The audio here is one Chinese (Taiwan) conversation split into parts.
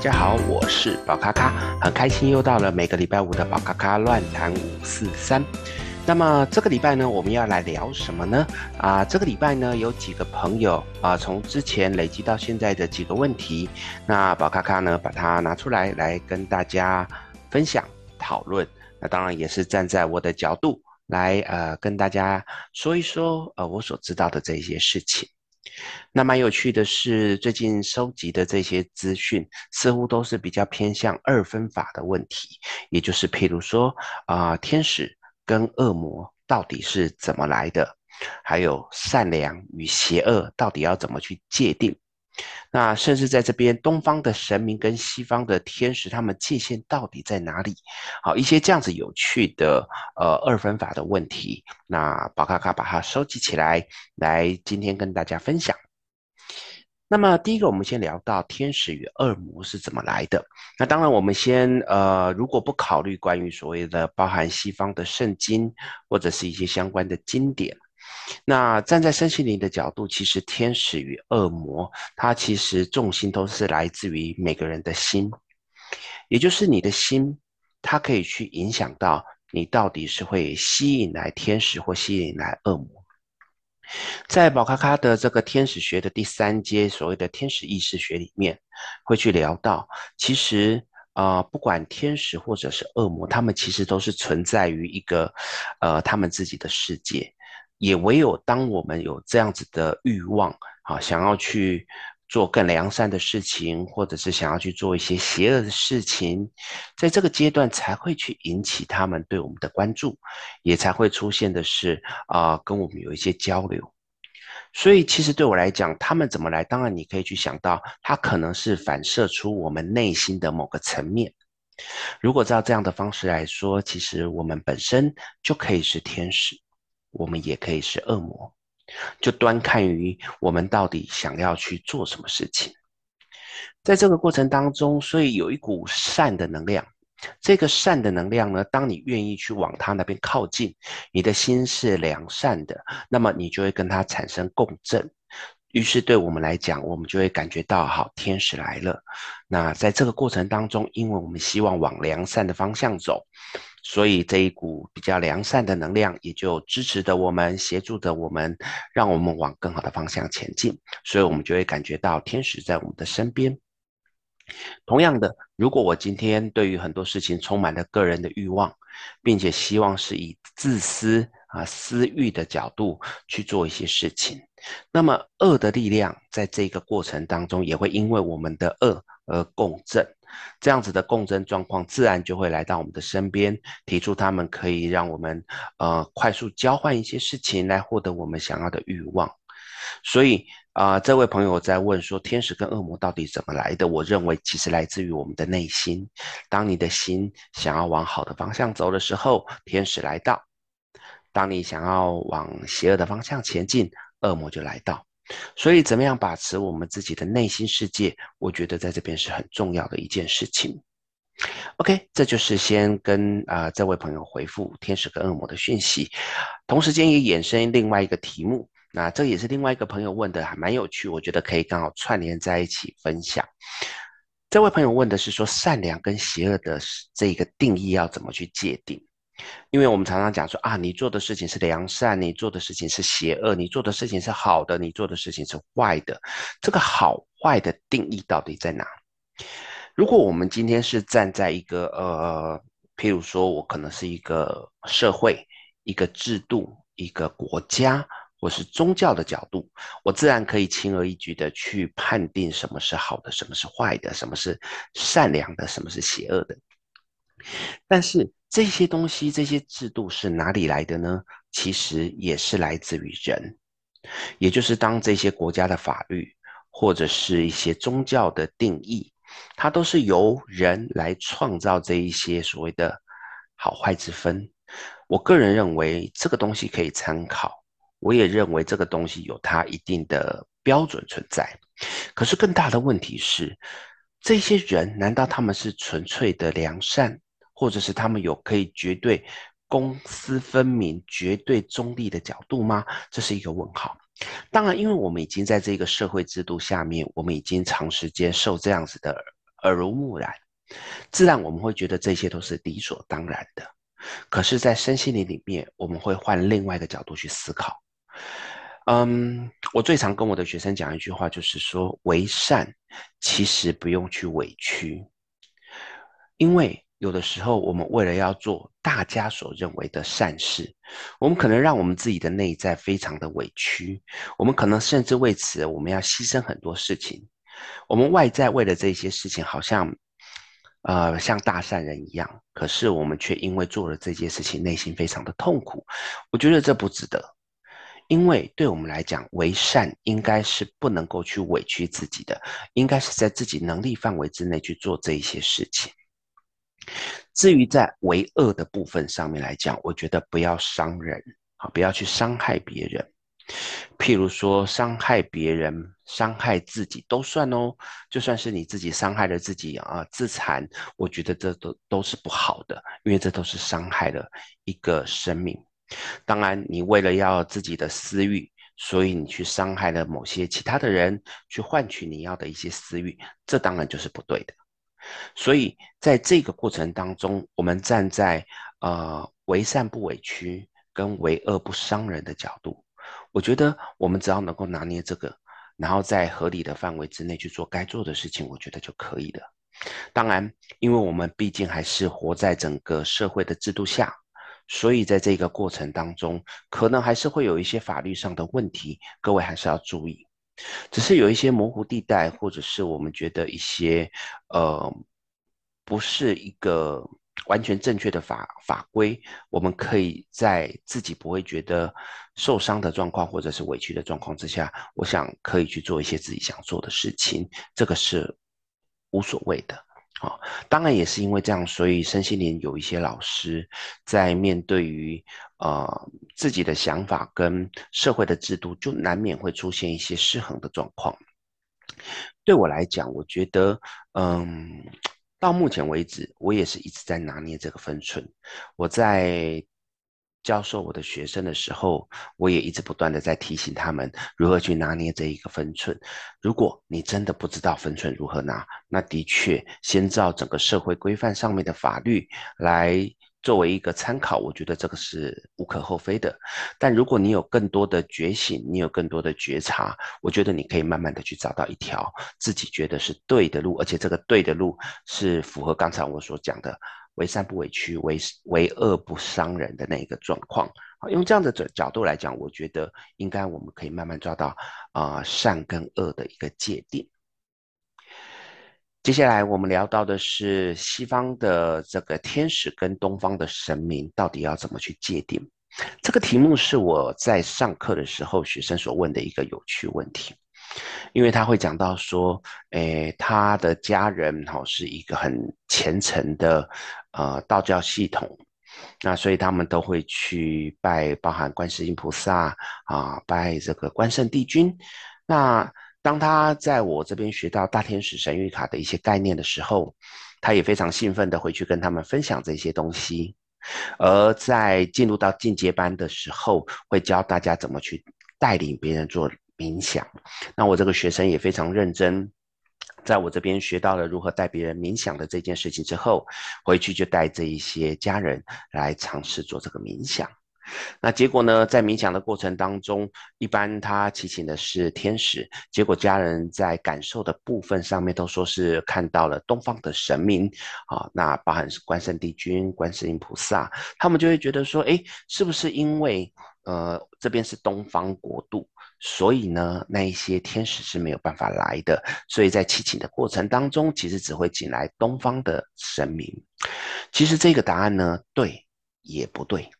大家好，我是寶咖咖，很開心又到了每個禮拜五的寶咖咖亂談五四三。那麼這個禮拜呢，我們要來聊什麼呢？啊，這個禮拜呢，有幾個朋友啊，從之前累積到現在的幾個問題，那寶咖咖呢，把它拿出來來跟大家分享討論。那當然也是站在我的角度來呃跟大家說一說呃我所知道的這些事情。那蠻有趣的是，最近收集的這些資訊，似乎都是比較偏向二分法的問題，也就是譬如說啊、呃，天使跟惡魔到底是怎麼來的，還有善良與邪惡到底要怎麼去界定。那甚至在這邊，東方的神明跟西方的天使，他們界限到底在哪裡？好，一些這樣子有趣的呃二分法的問題，那寶咖咖把它收集起來，來今天跟大家分享。那麼第一個，我們先聊到天使與惡魔是怎麼來的。那當然，我們先呃，如果不考慮關於所謂的包含西方的聖經或者是一些相關的經典。那站在身心靈的角度，其實天使與惡魔，它其實重心都是來自於每個人的心，也就是你的心，它可以去影響到你到底是會吸引來天使或吸引來惡魔。在寶咖咖的這個天使學的第三階，所謂的天使意識學裡面，會去聊到，其實啊、呃，不管天使或者是惡魔，他們其實都是存在於一個呃他們自己的世界。也唯有當我們有這樣子的慾望，啊，想要去做更良善的事情，或者是想要去做一些邪惡的事情，在這個階段才會去引起他們對我們的關注，也才會出現的是啊、呃，跟我們有一些交流。所以，其實對我來講，他們怎麼來，當然你可以去想到，他可能是反射出我們內心的某個層面。如果照這樣的方式來說，其實我們本身就可以是天使。我們也可以是惡魔，就端看於我們到底想要去做什麼事情。在這個過程當中，所以有一股善的能量。這個善的能量呢，當你願意去往他那邊靠近，你的心是良善的，那麼你就會跟他產生共振。於是對我們來講，我們就會感覺到，好，天使來了。那在這個過程當中，因為我們希望往良善的方向走。所以這一股比較良善的能量，也就支持着我們，協助着我們，讓我們往更好的方向前進。所以，我們就會感覺到天使在我們的身邊。同樣的，如果我今天對於很多事情充滿了個人的慾望，並且希望是以自私啊、私欲的角度去做一些事情，那麼惡的力量在這個過程當中也會因為我們的惡而共振。這樣子的共振狀況，自然就會來到我們的身邊，提出他們可以讓我們，呃，快速交換一些事情，來獲得我們想要的慾望。所以，啊、呃，這位朋友在問說，天使跟惡魔到底怎麼來的？我認為，其實來自於我們的內心。當你的心想要往好的方向走的時候，天使來到；當你想要往邪惡的方向前進，惡魔就來到。所以，怎麼樣把持我們自己的內心世界？我覺得在這邊是很重要的一件事情。OK，這就是先跟啊、呃、這位朋友回復天使跟惡魔的訊息，同時間也衍生另外一個題目。那這也是另外一個朋友問的，還蠻有趣，我覺得可以剛好串聯在一起分享。這位朋友問的是說，善良跟邪惡的這個定義要怎麼去界定？因為我們常常講說啊，你做的事情是良善，你做的事情是邪惡，你做的事情是好的，你做的事情是壞的。這個好壞的定義到底在哪？如果我們今天是站在一個呃，譬如說我可能是一個社會、一個制度、一個國家或是宗教的角度，我自然可以輕而易舉的去判定什麼是好的，什麼是壞的，什麼是善良的，什麼是邪惡的。但是這些東西、這些制度是哪裡來的呢？其實也是來自於人，也就是當這些國家的法律或者是一些宗教的定義，它都是由人來創造這一些所謂的好壞之分。我個人認為這個東西可以參考，我也認為這個東西有它一定的標準存在。可是更大的問題是，這些人難道他們是純粹的良善？或者是他們有可以絕對公私分明、絕對中立的角度嗎？這是一個問號。當然，因為我們已經在這個社會制度下面，我們已經長時間受這樣子的耳濡目染，自然我們會覺得這些都是理所當然的。可是，在身心靈裡面，我們會換另外一個角度去思考。嗯，我最常跟我的學生講一句話，就是說，為善其實不用去委屈，因為。有的時候，我們為了要做大家所認為的善事，我們可能讓我們自己的內在非常的委屈，我們可能甚至為此我們要犧牲很多事情。我們外在為了這些事情，好像，呃，像大善人一樣，可是我們卻因為做了這些事情，內心非常的痛苦。我覺得這不值得，因為對我們來講，為善應該是不能夠去委屈自己的，應該是在自己能力範圍之內去做這一些事情。至於在為惡的部分上面來講，我覺得不要傷人啊，不要去傷害別人。譬如說傷害別人、傷害自己都算哦，就算是你自己傷害了自己啊，自殘，我覺得這都都是不好的，因為這都是傷害了一個生命。當然，你為了要自己的私欲，所以你去傷害了某些其他的人，去換取你要的一些私欲，這當然就是不對的。所以，在這個過程當中，我們站在呃為善不委屈跟為惡不傷人的角度，我覺得我們只要能夠拿捏這個，然後在合理的範圍之內去做該做的事情，我覺得就可以了。當然，因為我們畢竟還是活在整個社會的制度下，所以在這個過程當中，可能還是會有一些法律上的問題，各位還是要注意。只是有一些模糊地帶，或者是我們覺得一些呃，不是一個完全正確的法法規，我們可以在自己不會覺得受傷的狀況，或者是委屈的狀況之下，我想可以去做一些自己想做的事情，這個是無所謂的。啊、哦，當然也是因為這樣，所以身心靈有一些老師在面對於呃自己的想法跟社會的制度，就難免會出現一些失衡的狀況。對我來講，我覺得，嗯，到目前為止，我也是一直在拿捏這個分寸。我在。教授我的學生的時候，我也一直不斷地在提醒他們如何去拿捏這一個分寸。如果你真的不知道分寸如何拿，那的確先照整個社會規範上面的法律來作為一個參考，我覺得這個是無可厚非的。但如果你有更多的覺醒，你有更多的覺察，我覺得你可以慢慢地去找到一條自己覺得是對的路，而且這個對的路是符合剛才我所講的。為善不委屈，為為惡不傷人的那一個狀況，好，用這樣的角角度來講，我覺得應該我們可以慢慢抓到啊、呃、善跟惡的一個界定。接下來我們聊到的是西方的這個天使跟東方的神明到底要怎麼去界定？這個題目是我在上課的時候學生所問的一個有趣問題。因為他會講到說，誒，他的家人是一個很虔誠的呃道教系統，那所以他們都會去拜，包含觀世音菩薩啊，拜這個關聖帝君。那當他在我這邊學到大天使神諭卡的一些概念的時候，他也非常興奮地會去跟他們分享這些東西。而在進入到進階班的時候，會教大家怎麼去帶領別人做。冥想，那我這個學生也非常認真，在我這邊學到了如何帶別人冥想的這件事情之後，回去就帶着一些家人來嘗試做這個冥想。那結果呢，在冥想的過程當中，一般他祈請的是天使，結果家人在感受的部分上面都說是看到了東方的神明啊，哦，那包含是關聖帝君、觀世音菩薩，他們就會覺得說，哎，是不是因為，呃，這邊是東方國度，所以呢，那一些天使是沒有辦法來的。所以在祈請的過程當中，其實只會請來東方的神明。其實這個答案呢，對也不對，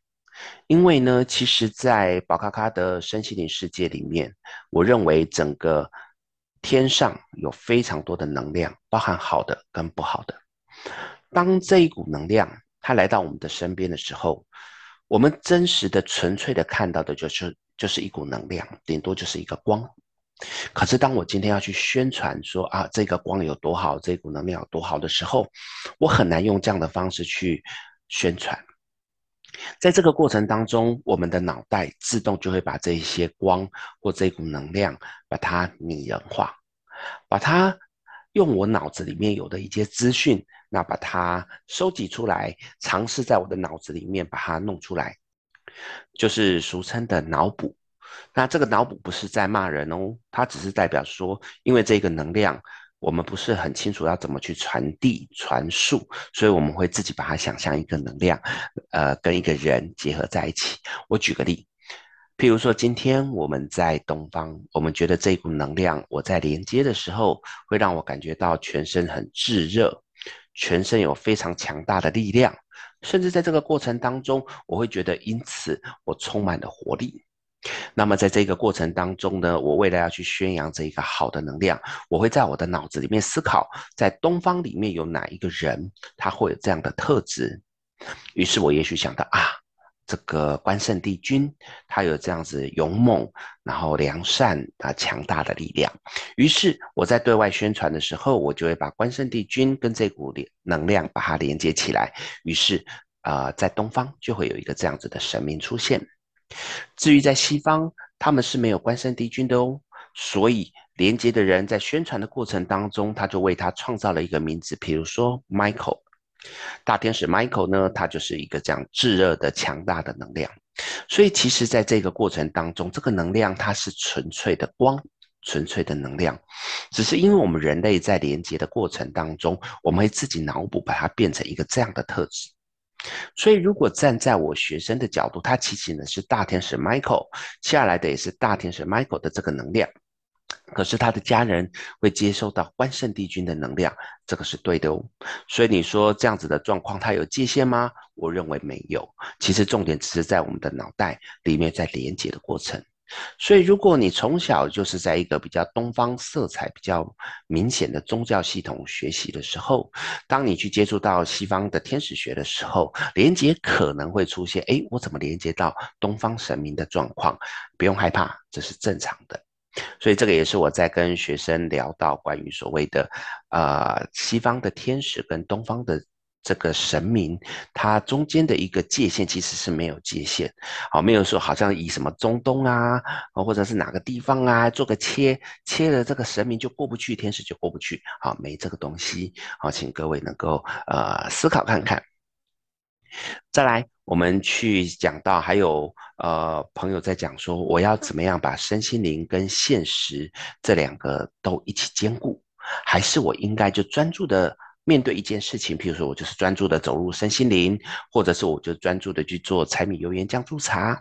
因為呢，其實在寶咖咖的身心靈世界裡面，我認為整個天上有非常多的能量，包含好的跟不好的。當這一股能量它來到我們的身邊的時候，我們真實的、純粹的看到的就是就是一股能量，頂多就是一個光。可是當我今天要去宣傳說啊，這個光有多好，這股能量有多好的時候，我很難用這樣的方式去宣傳。在這個過程當中，我們的腦袋自動就會把這一些光或這股能量，把它擬人化，把它，用我腦子裡面有的一些資訊，那把它收集出來，嘗試在我的腦子裡面把它弄出來，就是俗稱的腦補。那這個腦補不是在罵人哦，它只是代表說，因為這個能量我們不是很清楚要怎麼去傳遞、傳輸，所以我們會自己把它想象一個能量，呃，跟一個人結合在一起。我舉個例。譬如說，今天我們在東方，我們覺得這股能量，我在連接的時候，會讓我感覺到全身很炙熱，全身有非常強大的力量，甚至在這個過程當中，我會覺得因此我充滿了活力。那麼在這個過程當中呢，我為了要去宣揚這一個好的能量，我會在我的腦子裡面思考，在東方裡面有哪一個人，他會有這樣的特質。於是我也許想到啊，這個關聖帝君，他有這樣子勇猛，然後良善啊，強大的力量。於是我在對外宣傳的時候，我就會把關聖帝君跟這股力能量把它連接起來。於是啊，呃，在東方就會有一個這樣子的神明出現。至於在西方，他們是沒有關聖帝君的哦。所以連接的人在宣傳的過程當中，他就為他創造了一個名字，比如說 Michael。大天使 Michael 呢，他就是一個這樣炙熱的強大的能量，所以其實在這個過程當中，這個能量它是純粹的光，純粹的能量，只是因為我們人類在連接的過程當中，我們會自己腦補把它變成一個這樣的特質。所以如果站在我學生的角度，它其實呢是大天使 Michael 接下來的，也是大天使 Michael 的這個能量。可是他的家人會接收到關聖帝君的能量，這個是對的哦。所以你說這樣子的狀況，它有界限嗎？我認為沒有。其實重點只是在我們的腦袋裡面在連接的過程。所以如果你從小就是在一個比較東方色彩比較明顯的宗教系統學習的時候，當你去接觸到西方的天使學的時候，連接可能會出現，誒，我怎麼連接到東方神明的狀況？不用害怕，這是正常的。所以這個也是我在跟學生聊到關於所謂的，呃，西方的天使跟東方的這個神明，它中間的一個界限其實是沒有界限，好，沒有說好像以什麼中東啊，或者是哪個地方啊做個切，切了這個神明就過不去，天使就過不去，好，沒這個東西，好，請各位能夠呃思考看看。再來，我們去講到，還有呃，朋友在講說，我要怎麼樣把身心靈跟現實這兩個都一起兼顧，還是我應該就專注的面對一件事情？譬如說我就是專注的走入身心靈，或者是我就專注的去做柴米油鹽醬醋茶。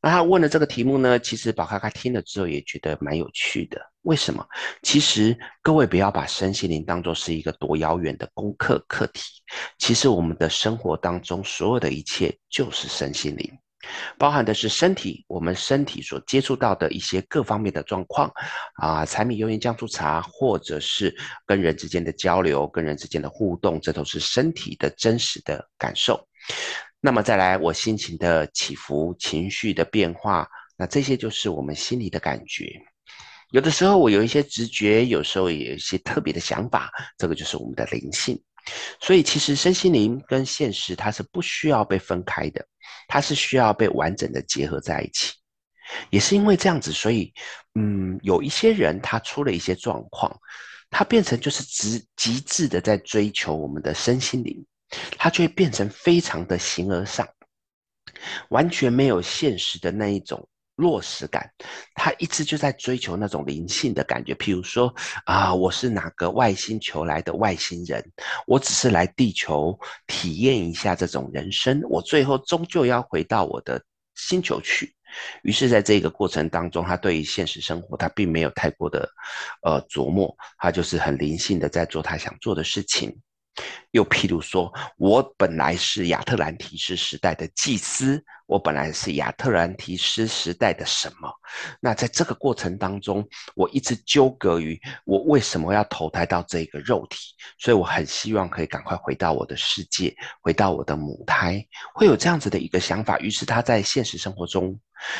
那他問的這個題目呢，其實寶咖咖聽了之後也覺得蠻有趣的。為什麼？其實各位不要把身心靈當作是一個多遙遠的功課課題。其實我們的生活當中所有的一切就是身心靈，包含的是身體，我們身體所接觸到的一些各方面的狀況啊，柴米油鹽醬醋茶，或者是跟人之間的交流、跟人之間的互動，這都是身體的真實的感受。那麼再來，我心情的起伏、情緒的變化，那這些就是我們心裡的感覺。有的時候我有一些直覺，有時候也有一些特別的想法，這個就是我們的靈性。所以其實身心靈跟現實它是不需要被分開的，它是需要被完整的結合在一起。也是因為這樣子，所以嗯，有一些人他出了一些狀況，他變成就是極極致的在追求我們的身心靈。他就會變成非常的形而上，完全沒有現實的那一種落實感。他一直就在追求那種靈性的感覺，譬如說啊，我是哪個外星球來的外星人，我只是來地球體驗一下這種人生，我最後終究要回到我的星球去。於是，在這個過程當中，他對於現實生活，他並沒有太過的呃琢磨，他就是很靈性的在做他想做的事情。又譬如說，我本來是亞特蘭提斯時代的祭司，我本來是亞特蘭提斯時代的什麼？那在這個過程當中，我一直糾葛於我為什麼要投胎到這個肉體，所以我很希望可以趕快回到我的世界，回到我的母胎，會有這樣子的一個想法。於是他在現實生活中，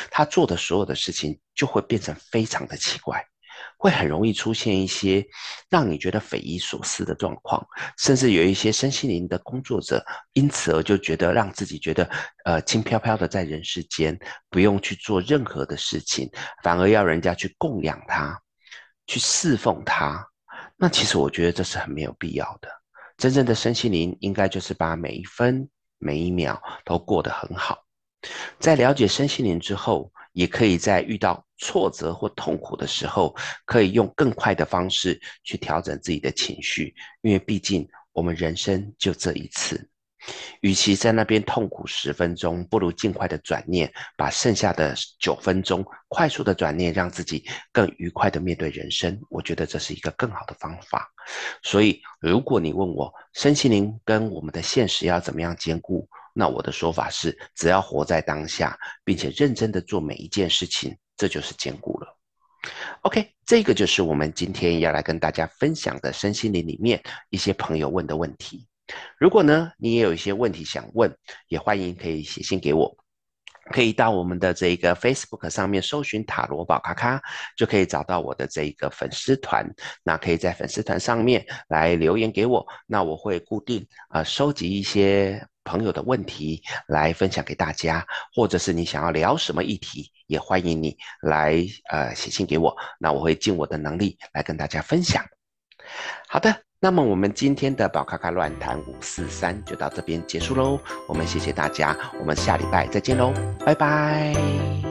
他做的所有的事情就會變成非常的奇怪。會很容易出現一些讓你覺得匪夷所思的狀況，甚至有一些身心靈的工作者因此而就覺得讓自己覺得呃輕飄飄的在人世間不用去做任何的事情，反而要人家去供養他，去侍奉他。那其實我覺得這是很沒有必要的。真正的身心靈應該就是把每一分每一秒都過得很好。在了解身心靈之後，也可以在遇到挫折或痛苦的時候，可以用更快的方式去調整自己的情緒，因為畢竟我們人生就這一次，與其在那邊痛苦十分鐘，不如盡快的轉念，把剩下的九分鐘快速的轉念，讓自己更愉快的面對人生。我覺得這是一個更好的方法。所以，如果你問我身心靈跟我們的現實要怎麼樣兼顧？那我的說法是，只要活在當下，並且認真的做每一件事情，這就是堅固了。OK，這個就是我們今天要來跟大家分享的身心靈裡面一些朋友問的問題。如果呢你也有一些問題想問，也歡迎可以寫信給我，可以到我們的這個 Facebook 上面搜尋塔羅寶咖咖，就可以找到我的這一個粉絲團。那可以在粉絲團上面來留言給我，那我會固定啊、呃、收集一些。朋友的問題來分享給大家，或者是你想要聊什麼議題，也歡迎你來呃寫信給我，那我會盡我的能力來跟大家分享。好的，那麼我們今天的寶咖咖亂談五四三就到這邊結束嘍，我們謝謝大家，我們下禮拜再見嘍，拜拜。